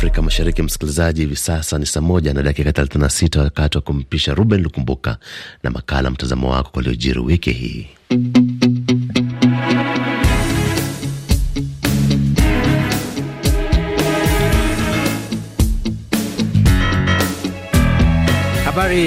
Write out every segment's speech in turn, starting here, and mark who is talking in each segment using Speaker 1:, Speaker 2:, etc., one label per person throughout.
Speaker 1: Afrika Mashariki, msikilizaji, hivi sasa ni saa moja na dakika 36, wakati wa kumpisha Ruben Lukumbuka na makala mtazamo wako kwa wiki hii.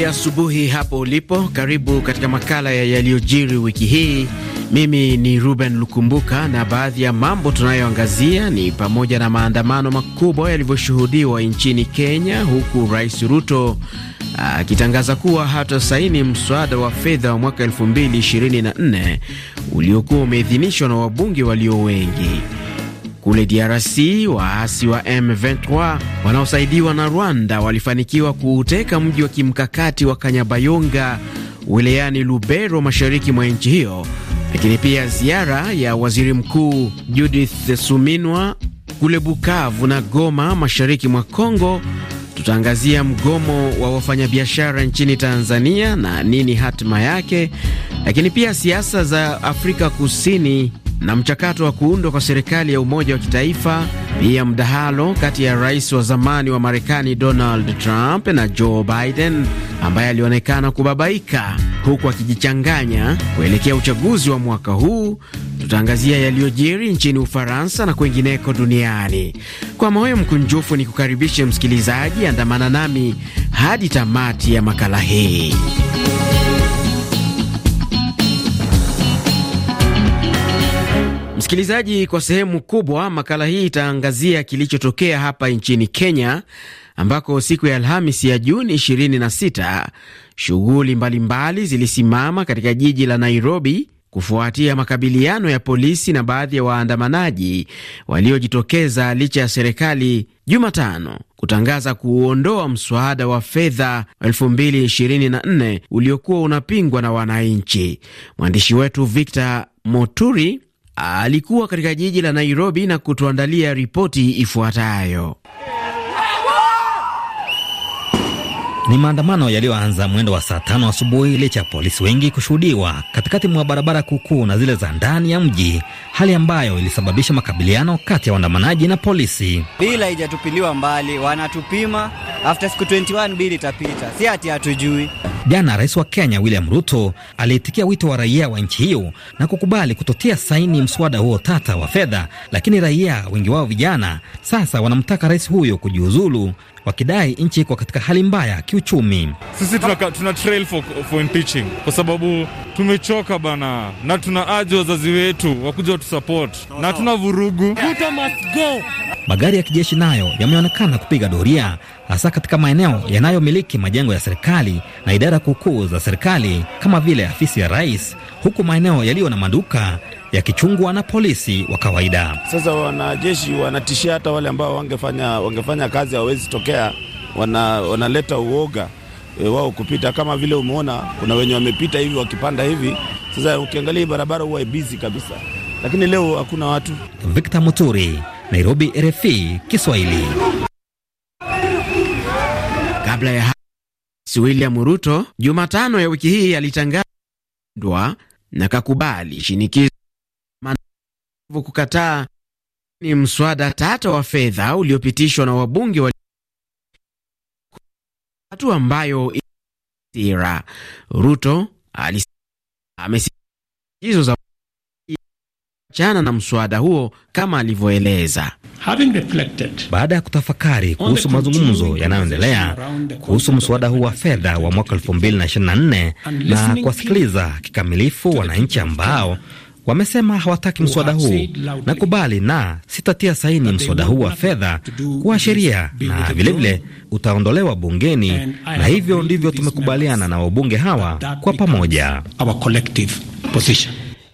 Speaker 2: asubuhi hapo ulipo, karibu katika makala ya yaliyojiri wiki hii. Mimi ni Ruben Lukumbuka, na baadhi ya mambo tunayoangazia ni pamoja na maandamano makubwa yalivyoshuhudiwa nchini Kenya, huku Rais Ruto akitangaza kuwa hata saini mswada wa fedha wa mwaka 2024 uliokuwa umeidhinishwa na wabunge walio wengi. Kule DRC waasi wa M23 wanaosaidiwa na Rwanda walifanikiwa kuuteka mji wa kimkakati wa Kanyabayonga wilayani Lubero mashariki mwa nchi hiyo, lakini pia ziara ya waziri mkuu Judith Suminwa kule Bukavu na Goma mashariki mwa Kongo. Tutaangazia mgomo wa wafanyabiashara nchini Tanzania na nini hatima yake, lakini pia siasa za Afrika Kusini na mchakato wa kuundwa kwa serikali ya umoja wa kitaifa, pia mdahalo kati ya rais wa zamani wa Marekani Donald Trump na Joe Biden ambaye alionekana kubabaika huku akijichanganya kuelekea uchaguzi wa mwaka huu. Tutaangazia yaliyojiri nchini Ufaransa na kwengineko duniani. Kwa moyo mkunjufu ni kukaribishe msikilizaji, andamana nami hadi tamati ya makala hii. Msikilizaji, kwa sehemu kubwa makala hii itaangazia kilichotokea hapa nchini Kenya ambako siku ya Alhamis ya Juni 26 shughuli mbalimbali zilisimama katika jiji la Nairobi kufuatia makabiliano ya polisi na baadhi ya waandamanaji waliojitokeza licha ya serikali Jumatano kutangaza kuuondoa mswada wa fedha 2024 uliokuwa unapingwa na wananchi. Mwandishi wetu Victor Moturi alikuwa katika jiji la Nairobi na kutuandalia ripoti
Speaker 3: ifuatayo. Ni maandamano yaliyoanza mwendo wa saa tano asubuhi licha ya polisi wengi kushuhudiwa katikati mwa barabara kuukuu na zile za ndani ya mji, hali ambayo ilisababisha makabiliano kati ya waandamanaji na polisi. Bila haijatupiliwa mbali, wanatupima after siku 21 bili itapita, si hati hatujui. Jana rais wa Kenya William Ruto aliitikia wito wa raia wa nchi hiyo na kukubali kutotia saini mswada huo tata wa fedha, lakini raia wengi wao vijana sasa wanamtaka rais huyo kujiuzulu wakidai nchi iko katika hali mbaya kiuchumi.
Speaker 4: Sisi tuna, tuna trail for, for impeaching kwa sababu tumechoka bana, na tuna aji wazazi wetu wakuja watusupport na tuna vurugu
Speaker 3: Magari ya kijeshi nayo yameonekana kupiga doria hasa katika maeneo yanayomiliki majengo ya serikali na idara kuukuu za serikali kama vile afisi ya rais, huku maeneo yaliyo na maduka yakichungwa na polisi wa kawaida.
Speaker 5: Sasa wanajeshi wanatishia hata wale ambao wangefanya, wangefanya kazi hawawezi tokea, wana, wanaleta uoga e, wao kupita. Kama vile umeona kuna wenye wamepita hivi wakipanda hivi. Sasa ukiangalia hii barabara huwa bizi kabisa,
Speaker 3: lakini leo hakuna watu. Victor Muturi, Nairobi, RFI Kiswahili. Kabla ya
Speaker 2: William Ruto Jumatano ya wiki hii alitangazwa na kakubali shinikizo kukataa ni mswada tata wa fedha uliopitishwa na wabunge wa hatua ambayo ira Ruto hizo za chana na mswada huo kama alivyoeleza.
Speaker 3: Baada ya kutafakari kuhusu mazungumzo yanayoendelea kuhusu mswada huu wa fedha wa mwaka 2024 na kuwasikiliza kikamilifu wananchi ambao Wamesema hawataki mswada huu. Nakubali na sitatia saini mswada huu wa fedha kuwa sheria, na vilevile utaondolewa bungeni, na hivyo ndivyo tumekubaliana na wabunge hawa kwa pamoja.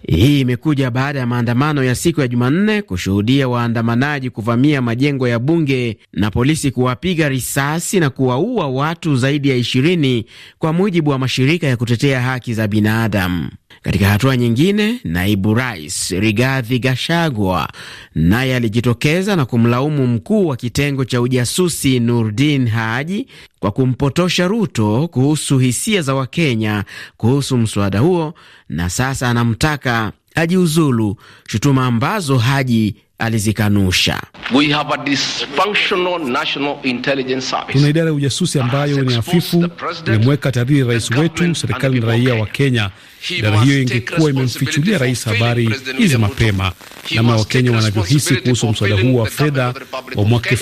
Speaker 2: Hii imekuja baada ya maandamano ya siku ya Jumanne kushuhudia waandamanaji kuvamia majengo ya bunge na polisi kuwapiga risasi na kuwaua watu zaidi ya ishirini kwa mujibu wa mashirika ya kutetea haki za binadamu. Katika hatua nyingine, naibu rais Rigathi gashagwa naye alijitokeza na kumlaumu mkuu wa kitengo cha ujasusi Nurdin Haji kwa kumpotosha Ruto kuhusu hisia za Wakenya kuhusu mswada huo, na sasa anamtaka ajiuzulu, shutuma ambazo Haji alizikanusha.
Speaker 6: Tuna
Speaker 5: idara ya ujasusi ambayo ni hafifu, imemweka tahadhiri rais wetu, serikali na raia wa Kenya. Idara hiyo ingekuwa imemfichulia rais habari hizi mapema, namna Wakenya wanavyohisi kuhusu mswada huo wa fedha wa mwaka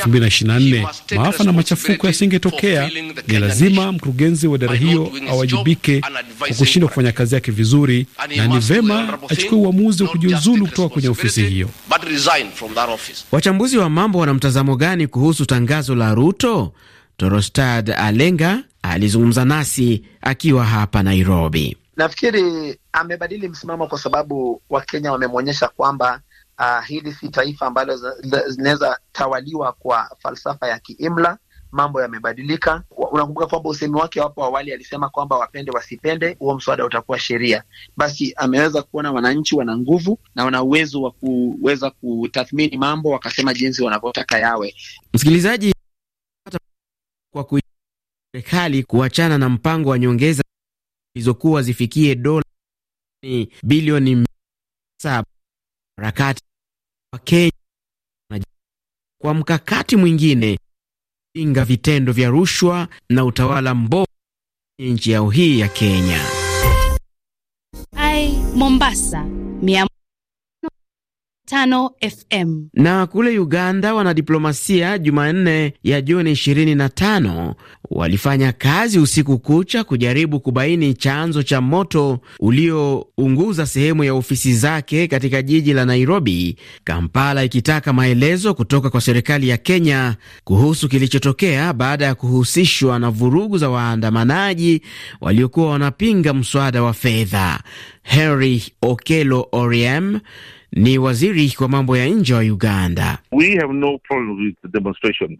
Speaker 5: nne, maafa na machafuko yasingetokea. Ni lazima mkurugenzi wa idara hiyo awajibike kwa kushindwa kufanya kazi yake vizuri, na ni vema achukue uamuzi wa kujiuzulu kutoka kwenye ofisi hiyo. Wachambuzi wa mambo
Speaker 2: wana mtazamo gani kuhusu tangazo la Ruto? Torostad Alenga alizungumza nasi akiwa hapa Nairobi.
Speaker 3: Nafikiri amebadili msimamo kwa sababu Wakenya wamemwonyesha kwamba uh, hili si taifa ambalo zinaweza tawaliwa kwa falsafa ya kiimla. Mambo yamebadilika. Unakumbuka kwamba usemi wake hapo awali alisema kwamba wapende wasipende, huo mswada utakuwa sheria. Basi ameweza kuona wananchi wana nguvu na wana uwezo wa kuweza kutathmini mambo, wakasema jinsi wanavyotaka yawe.
Speaker 2: Msikilizaji, kwa serikali kuachana na mpango wa nyongeza zilizokuwa zifikie dola bilioni saba. Harakati wa Kenya kwa mkakati mwingine pinga vitendo vya rushwa na utawala mbovu nchi yao hii ya Kenya.
Speaker 1: Ai, Mombasa miam FM.
Speaker 2: Na kule Uganda wanadiplomasia Jumanne ya Juni 25 walifanya kazi usiku kucha kujaribu kubaini chanzo cha moto uliounguza sehemu ya ofisi zake katika jiji la Nairobi, Kampala ikitaka maelezo kutoka kwa serikali ya Kenya kuhusu kilichotokea baada ya kuhusishwa na vurugu za waandamanaji waliokuwa wanapinga mswada wa fedha. Henry Okelo Oriem ni waziri wa mambo ya nje wa Uganda.
Speaker 4: We have no problem with the demonstration.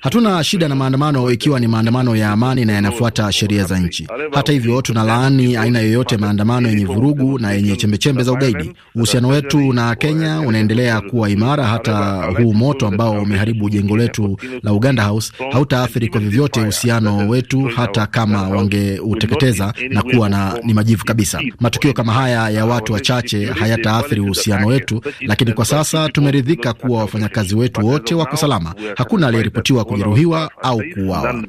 Speaker 2: hatuna shida na maandamano ikiwa ni maandamano ya amani na yanafuata
Speaker 1: sheria za nchi. Hata hivyo, tuna laani aina yoyote maandamano yenye vurugu na yenye chembechembe za ugaidi. Uhusiano wetu na Kenya unaendelea kuwa imara. Hata huu moto
Speaker 2: ambao umeharibu jengo letu la Uganda House hautaathiri kwa vyovyote uhusiano wetu, hata kama wangeuteketeza na kuwa na ni majivu kabisa. Matukio kama haya ya watu
Speaker 5: wachache hayataathiri uhusiano wetu, lakini kwa sasa tumeridhika kuwa wafanyakazi wetu wote wako salama. Hakuna aliyeripotiwa kujeruhiwa au
Speaker 4: kuuawa.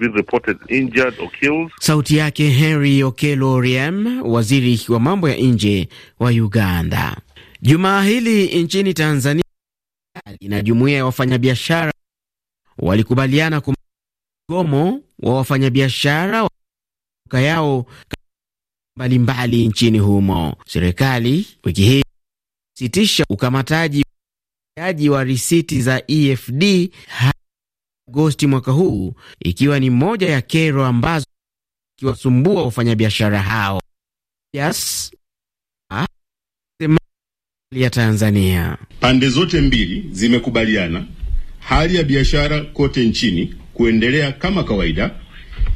Speaker 4: Sauti
Speaker 2: yake Henry Okello Oryem, waziri wa mambo ya nje wa Uganda. Jumaa hili nchini Tanzania na jumuiya ya wafanyabiashara walikubaliana mgomo wa wafanyabiashara wa yao mbalimbali nchini humo. Serikali wiki hii sitisha ukamataji aji wa risiti za EFD Agosti mwaka huu, ikiwa ni moja ya kero ambazo ikiwasumbua wafanyabiashara hao. Yes. Ah.
Speaker 5: ya Tanzania, pande zote mbili zimekubaliana hali ya biashara kote nchini kuendelea kama kawaida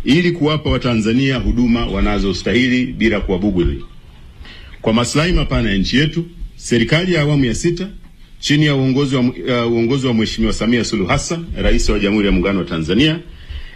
Speaker 5: ili kuwapa Watanzania huduma wanazostahili bila kuwabughudhi, kwa maslahi mapana ya nchi yetu Serikali ya awamu ya sita chini ya uongozi wa, uh, uongozi wa Mheshimiwa Samia Suluhu Hassan, Rais wa Jamhuri ya Muungano wa Tanzania,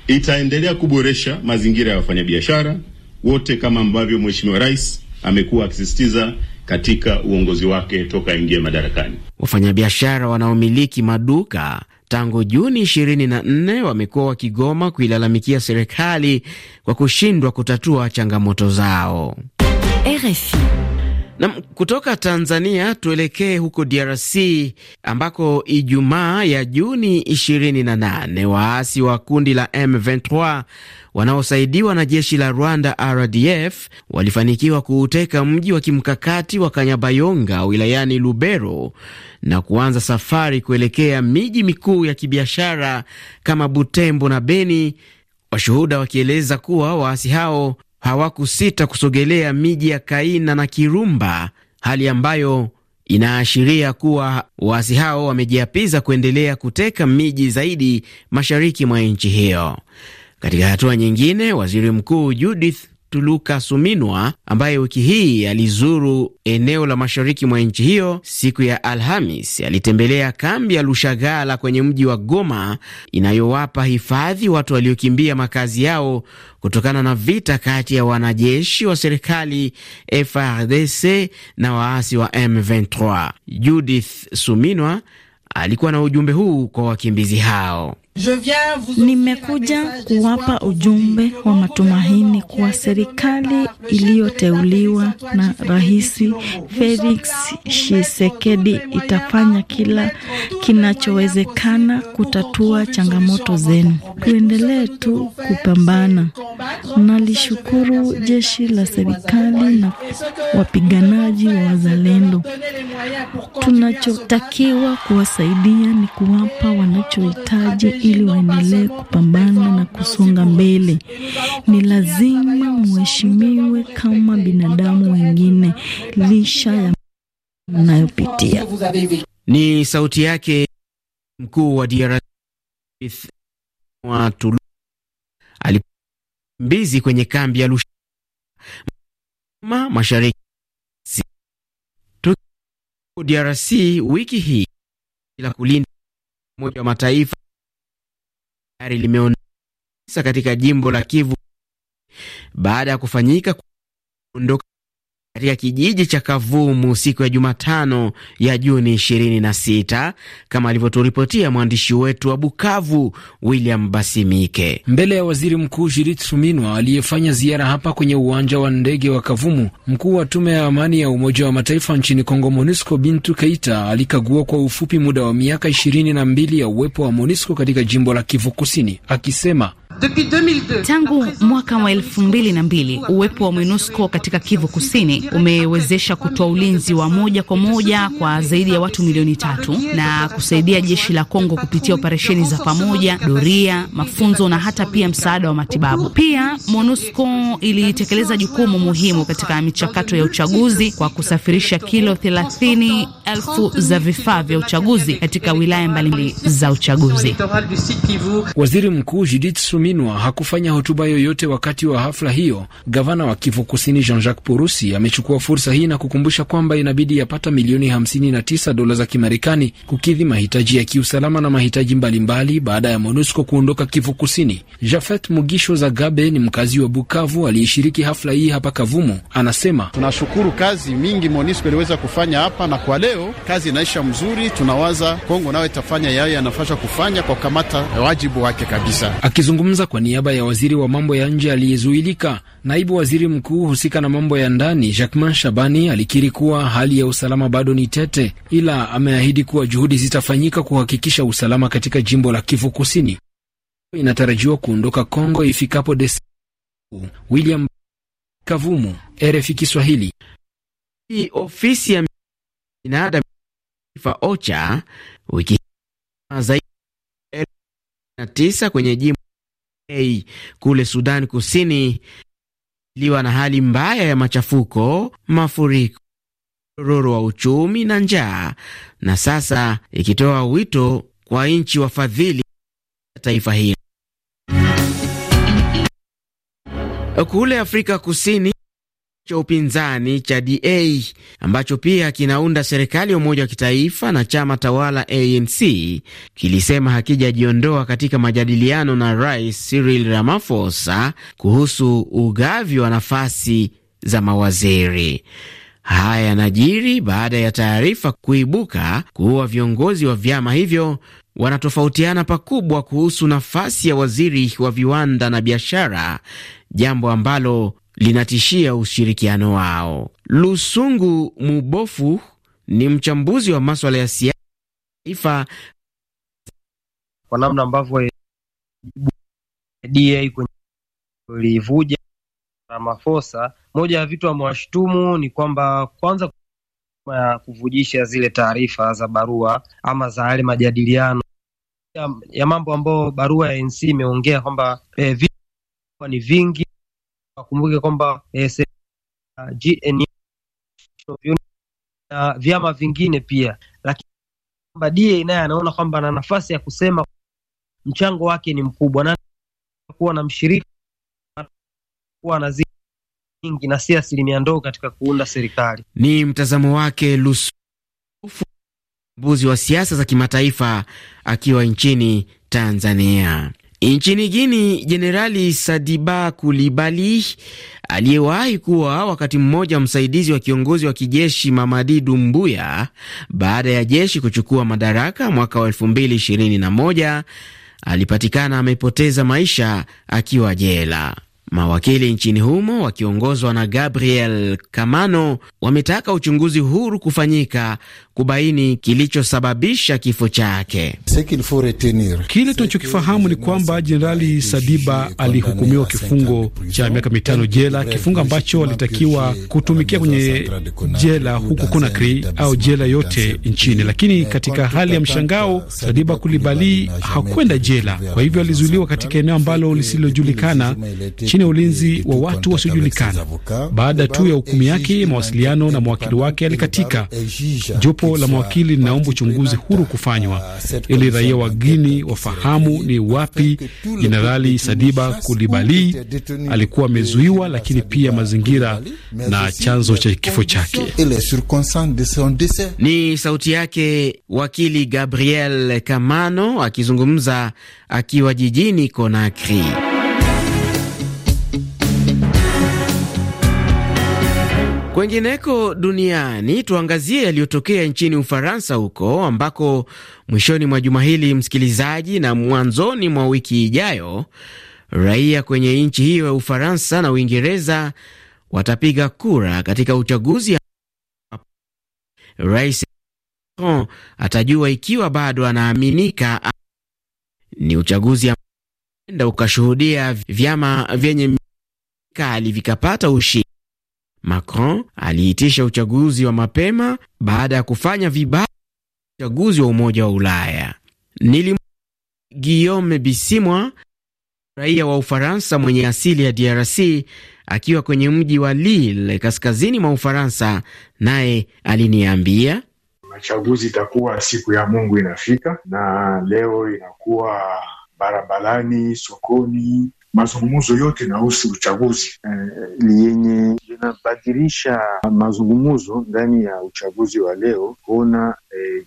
Speaker 5: itaendelea kuboresha mazingira ya wafanyabiashara wote kama ambavyo Mheshimiwa Rais amekuwa akisisitiza katika uongozi wake toka ingie madarakani.
Speaker 2: Wafanyabiashara wanaomiliki maduka tangu Juni 24 wamekuwa wakigoma kuilalamikia serikali kwa kushindwa kutatua changamoto zao. RFI. Na kutoka Tanzania tuelekee huko DRC ambako Ijumaa ya Juni 28 waasi wa kundi la M23 wanaosaidiwa na jeshi la Rwanda RDF walifanikiwa kuuteka mji wa kimkakati wa Kanyabayonga wilayani Lubero na kuanza safari kuelekea miji mikuu ya kibiashara kama Butembo na Beni, washuhuda wakieleza kuwa waasi hao hawakusita kusogelea miji ya Kaina na Kirumba, hali ambayo inaashiria kuwa waasi hao wamejiapiza kuendelea kuteka miji zaidi mashariki mwa nchi hiyo. Katika hatua nyingine, waziri mkuu Judith Tuluka Suminwa ambaye wiki hii alizuru eneo la mashariki mwa nchi hiyo siku ya Alhamis, alitembelea kambi ya Lushagala kwenye mji wa Goma inayowapa hifadhi watu waliokimbia makazi yao kutokana na vita kati ya wanajeshi wa serikali frdc na waasi wa M23. Judith Suminwa alikuwa na ujumbe huu kwa wakimbizi hao.
Speaker 3: Nimekuja kuwapa ujumbe wa matumaini kwa serikali iliyoteuliwa na Rais Felix Tshisekedi itafanya kila kinachowezekana kutatua changamoto zenu. Tuendelee tu kupambana. Nalishukuru jeshi la serikali na wapiganaji wa wazalendo. Tunachotakiwa kuwasaidia ni kuwapa wanachohitaji ili waendelee kupambana na kusonga mbele. Ni lazima mheshimiwe kama binadamu wengine, lisha ya mnayopitia.
Speaker 2: Ni sauti yake mkuu wa DRC wa Tulu kwenye kambi ya Lush mashariki DRC wiki hii la kulinda Umoja wa Mataifa tayari limeondoka katika jimbo la Kivu baada ya kufanyika kuondoka katika kijiji cha Kavumu siku ya Jumatano ya Juni 26 kama alivyoturipotia mwandishi wetu wa Bukavu William Basimike.
Speaker 6: Mbele ya waziri mkuu Judith Suminwa aliyefanya ziara hapa kwenye uwanja wa ndege wa Kavumu, mkuu wa tume ya amani ya Umoja wa Mataifa nchini Kongo MONUSCO Bintu Keita alikagua kwa ufupi muda wa miaka ishirini na mbili ya uwepo wa MONUSCO katika jimbo la Kivu Kusini akisema
Speaker 1: Tangu mwaka wa elfu mbili na mbili uwepo wa MONUSCO katika Kivu Kusini umewezesha kutoa ulinzi wa moja kwa moja kwa zaidi ya watu milioni tatu na kusaidia jeshi la Kongo kupitia operesheni za pamoja, doria, mafunzo na hata pia msaada wa matibabu. Pia MONUSCO ilitekeleza jukumu muhimu katika michakato ya uchaguzi kwa kusafirisha kilo thelathini elfu za vifaa vya uchaguzi katika wilaya mbalimbali za uchaguzi.
Speaker 6: Waziri Mkuu Judith Sumi Wamalwa hakufanya hotuba yoyote wakati wa hafla hiyo. Gavana wa Kivu Kusini Jean-Jacques Purusi amechukua fursa hii na kukumbusha kwamba inabidi yapata milioni 59 dola za Kimarekani kukidhi mahitaji ya kiusalama na mahitaji mbalimbali mbali baada ya MONUSCO kuondoka Kivu Kusini. Jafet Mugisho Zagabe ni mkazi wa Bukavu aliyeshiriki hafla hii hapa Kavumu, anasema tunashukuru
Speaker 5: kazi mingi MONUSCO iliweza kufanya hapa, na kwa leo kazi inaisha mzuri. Tunawaza Kongo nayo itafanya yayo yanafasha kufanya kwa kukamata wajibu wake kabisa.
Speaker 6: Akizungumza Akizungumza kwa niaba ya waziri wa mambo ya nje aliyezuilika, naibu waziri mkuu husika na mambo ya ndani Jacquemain Shabani alikiri kuwa hali ya usalama bado ni tete, ila ameahidi kuwa juhudi zitafanyika kuhakikisha usalama katika jimbo la Kivu Kusini. Inatarajiwa kuondoka Kongo ifikapo Desemba. William Kavumu, RFI Kiswahili. Ofisi
Speaker 2: ya binadamu OCHA wiki zaidi tisa kwenye jimbo kule Sudan Kusini liwa na hali mbaya ya machafuko, mafuriko, mdororo wa uchumi na njaa, na sasa ikitoa wito kwa nchi wafadhili taifa hilo Kule Afrika Kusini cha upinzani cha DA ambacho pia kinaunda serikali ya umoja wa kitaifa na chama tawala ANC kilisema hakijajiondoa katika majadiliano na Rais Cyril Ramaphosa kuhusu ugavi wa nafasi za mawaziri. Haya yanajiri baada ya taarifa kuibuka kuwa viongozi wa vyama hivyo wanatofautiana pakubwa kuhusu nafasi ya waziri wa viwanda na biashara, jambo ambalo linatishia ushirikiano wao. Lusungu Mubofu ni mchambuzi wa maswala ya siasa taifa.
Speaker 3: Kwa namna ambavyo DA kwenye ulivuja Ramaphosa, moja ya vitu amewashtumu ni kwamba kwanza ya kuvujisha zile taarifa za barua ama za yale majadiliano ya, ya mambo ambayo barua ya NC imeongea kwamba eh, ni vingi Wakumbuke kwamba eh, ah, na vyama vingine pia, lakini kwamba DA naye anaona kwamba ana nafasi ya kusema mchango wake ni mkubwa na kuwa na mshirika kuwa na nyingi na si asilimia ndogo katika kuunda serikali.
Speaker 2: Ni mtazamo wake Lusufu, mbuzi wa siasa za kimataifa akiwa nchini Tanzania. Nchini Guini, Jenerali Sadiba Kulibali aliyewahi kuwa wakati mmoja msaidizi wa kiongozi wa kijeshi Mamadi Dumbuya baada ya jeshi kuchukua madaraka mwaka wa 221 alipatikana amepoteza maisha akiwa jela. Mawakili nchini humo wakiongozwa na Gabriel Kamano wametaka uchunguzi huru kufanyika kubaini kilichosababisha kifo chake.
Speaker 5: Kile tunachokifahamu ni kwamba Jenerali Sadiba alihukumiwa kifungo cha miaka mitano jela, kifungo ambacho alitakiwa kutumikia kwenye jela huko Conakry au jela yote nchini, lakini katika hali ya mshangao, Sadiba Kulibali hakwenda jela, kwa hivyo alizuiliwa katika eneo ambalo lisilojulikana chini na ulinzi wa watu wasiojulikana. Baada tu ya hukumu yake, mawasiliano na mawakili wake yalikatika. Jopo la mawakili linaomba uchunguzi huru kufanywa uh, ili raia wa Guini wafahamu ni wapi Jenerali Sadiba Kulibali alikuwa amezuiwa, lakini pia mazingira na chanzo cha kifo chake.
Speaker 2: Ni sauti yake wakili Gabriel Kamano akizungumza akiwa jijini conakri Kwengineko duniani tuangazie yaliyotokea nchini Ufaransa, huko ambako mwishoni mwa juma hili, msikilizaji, na mwanzoni mwa wiki ijayo, raia kwenye nchi hiyo ya Ufaransa na Uingereza watapiga kura katika uchaguzi. Rais atajua ikiwa bado anaaminika. Ni uchaguzi enda ukashuhudia vyama vyenye mikali vikapata ushindi Macron aliitisha uchaguzi wa mapema baada ya kufanya vibaya uchaguzi wa Umoja wa Ulaya. Nilim Guillaume Bisimwa, raia wa Ufaransa mwenye asili ya DRC akiwa kwenye mji wa Lille kaskazini mwa Ufaransa, naye aliniambia
Speaker 5: machaguzi itakuwa siku ya Mungu inafika, na leo inakuwa barabarani, sokoni, mazungumzo yote inahusu uchaguzi eh, eh, yenye inabadilisha mazungumzo ndani ya uchaguzi wa leo, kuona eh,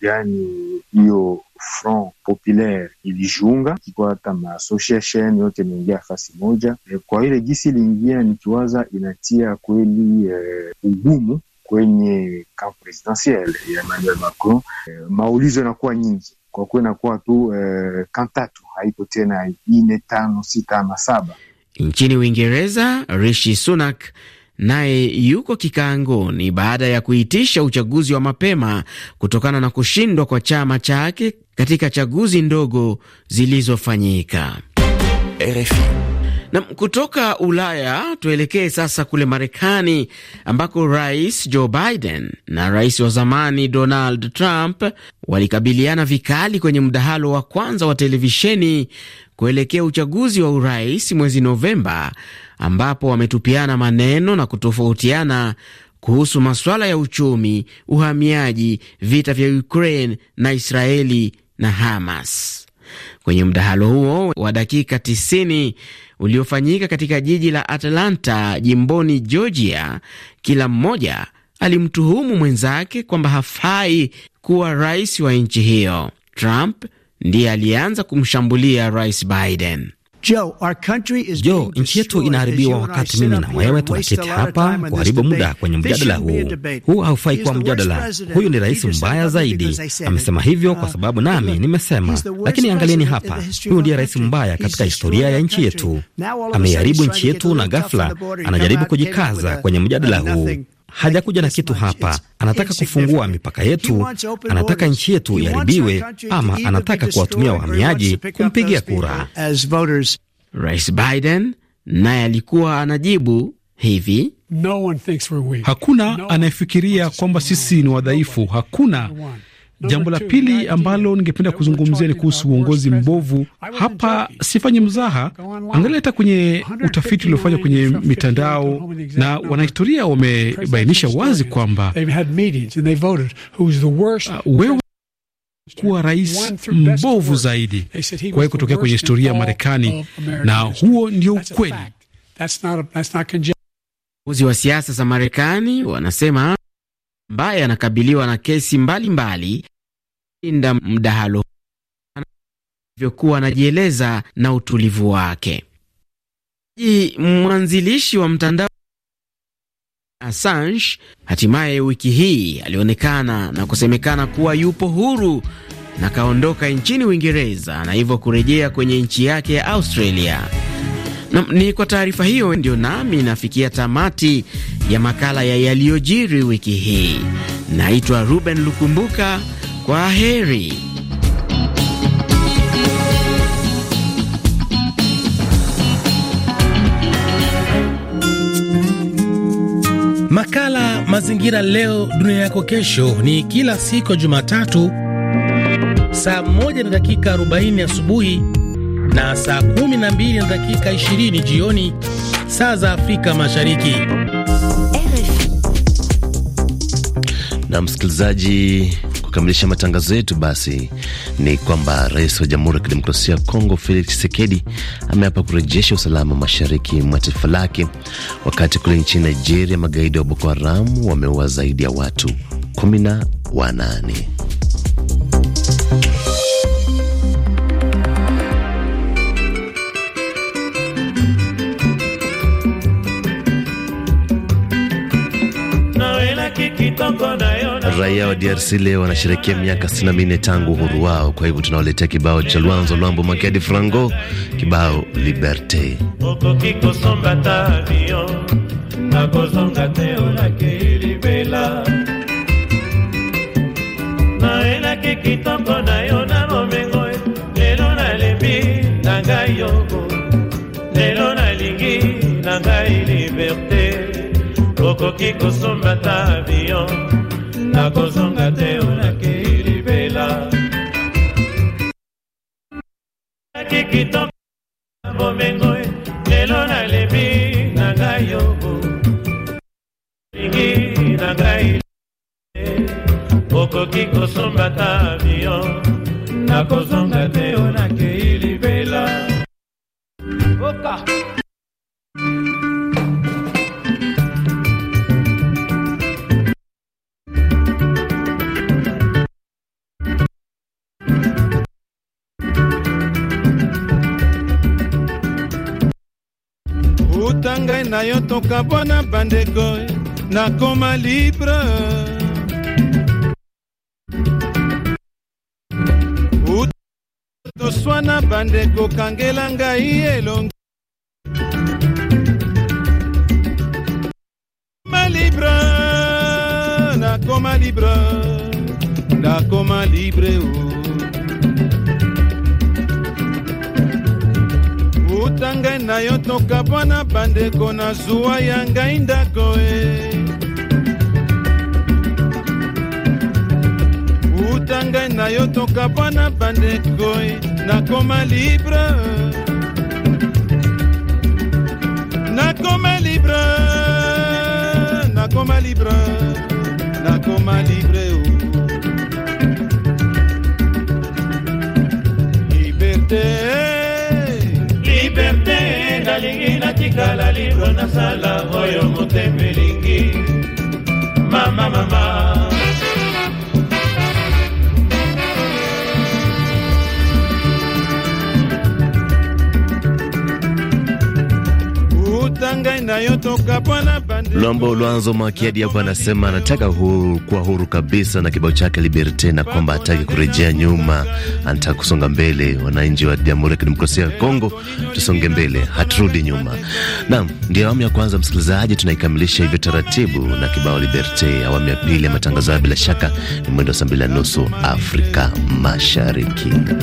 Speaker 5: gani hiyo Front Populaire ilijiunga ikikuwa hata yote imeingia fasi moja. E, kwa ile jinsi iliingia, nikiwaza inatia kweli e, ugumu kwenye kamp presidentielle ya Emmanuel Macron. E, maulizo yanakuwa nyingi kwa kuwa inakuwa tu eh, kantatu haipo tena ine tano sita ama saba.
Speaker 2: Nchini Uingereza, Rishi Sunak naye yuko ni baada ya kuitisha uchaguzi wa mapema kutokana na kushindwa kwa chama chake katika chaguzi ndogo zilizofanyika. RFI na kutoka Ulaya tuelekee sasa kule Marekani ambako Rais Joe Biden na rais wa zamani Donald Trump walikabiliana vikali kwenye mdahalo wa kwanza wa televisheni kuelekea uchaguzi wa urais mwezi Novemba, ambapo wametupiana maneno na kutofautiana kuhusu masuala ya uchumi, uhamiaji, vita vya Ukraine na Israeli na Hamas kwenye mdahalo huo wa dakika 90 uliofanyika katika jiji la Atlanta jimboni Georgia, kila mmoja alimtuhumu mwenzake kwamba hafai kuwa rais wa nchi hiyo. Trump ndiye alianza kumshambulia Rais Biden. Jo, nchi yetu inaharibiwa
Speaker 3: wakati mimi na wewe tunaketi hapa kuharibu muda kwenye mjadala huu. Huu haufai kuwa mjadala. Huyu ni rais mbaya zaidi. Amesema hivyo kwa uh, sababu nami nimesema, lakini angalieni hapa, huyu ndiye rais mbaya katika historia ya nchi yetu. Ameiharibu nchi yetu, na ghafla anajaribu kujikaza kwenye mjadala huu hajakuja na kitu hapa, anataka kufungua mipaka yetu, anataka nchi yetu iharibiwe, ama anataka kuwatumia wahamiaji kumpigia kura. Rais Biden naye alikuwa
Speaker 5: anajibu hivi no, hakuna anayefikiria kwamba sisi ni wadhaifu. Hakuna Jambo la pili ambalo ningependa kuzungumzia ni kuhusu uongozi mbovu. Hapa sifanye mzaha, angalia hata kwenye utafiti uliofanywa kwenye mitandao, na wanahistoria wamebainisha wazi kwamba uh, wewe kuwa rais mbovu zaidi kuwahi kutokea kwenye historia ya Marekani, na huo ndio ukweli.
Speaker 2: wa siasa za Marekani wanasema ambaye anakabiliwa na kesi mbalimbali inda mdahalo vyokuwa anajieleza na utulivu wake. Mwanzilishi wa mtandao Assange hatimaye wiki hii alionekana na kusemekana kuwa yupo huru na kaondoka nchini Uingereza na hivyo kurejea kwenye nchi yake ya Australia. Na, ni kwa taarifa hiyo ndio nami nafikia tamati ya makala ya yaliyojiri wiki hii. Naitwa Ruben Lukumbuka, kwa heri.
Speaker 5: Makala Mazingira Leo Dunia Yako Kesho ni kila siku ya Jumatatu saa 1 na dakika 40 asubuhi na saa 12 na dakika 20 jioni saa
Speaker 2: za Afrika Mashariki.
Speaker 1: Na msikilizaji, kukamilisha matangazo yetu basi ni kwamba Rais wa Jamhuri ya Kidemokrasia ya Kongo Felix Tshisekedi ameapa kurejesha usalama mashariki mwa taifa lake, wakati kule nchini Nigeria magaidi wa Boko Haram wameua zaidi ya watu 1na wanane. Raia wa DRC leo wanasherekea miaka 64 tangu uhuru wao. Kwa hivyo tunawaletea kibao cha Lwanzo Lwambo makiadi frango kibao Liberte.
Speaker 7: Lelo nalingi nakoki kosomba ta avion nakozonga te onakei libela kitoko bomengo lelo nalebi na ngai yobo lingi na ngai okoki kosomba ta avion nakozonga te onakei libela oka okay.
Speaker 4: uta ngai na yo tokabwana na nakoma libre toswana bandeko kangela ngai elongi libre nakoma libre nakoma libre u. oh. ata ngai na yo tokabwana bandeko na zuwa ya ngai ndako e eh. uta ngai na yo tokabwana bandeko e eh. nakoma libre nakoma libre nakoma libre nakoma
Speaker 7: libre o oh. liberté nalingi natikala libre nasala oyo motema elingi mama mama
Speaker 4: uta ngai na yo toka mpo na ba
Speaker 1: Lwambo Lwanzo mwakiadi hapo anasema anataka huru, kuwa huru kabisa na kibao chake Liberte, na kwamba hataki kurejea nyuma, anataka kusonga mbele. Wananchi wa Jamhuri ya Kidemokrasia ya Kongo, tusonge mbele, haturudi nyuma. Naam, ndio awamu ya kwanza msikilizaji, tunaikamilisha hivyo taratibu na kibao Liberte. Awamu ya pili ya matangazo haya bila
Speaker 7: shaka ni mwendo wa saa mbili na nusu Afrika Mashariki.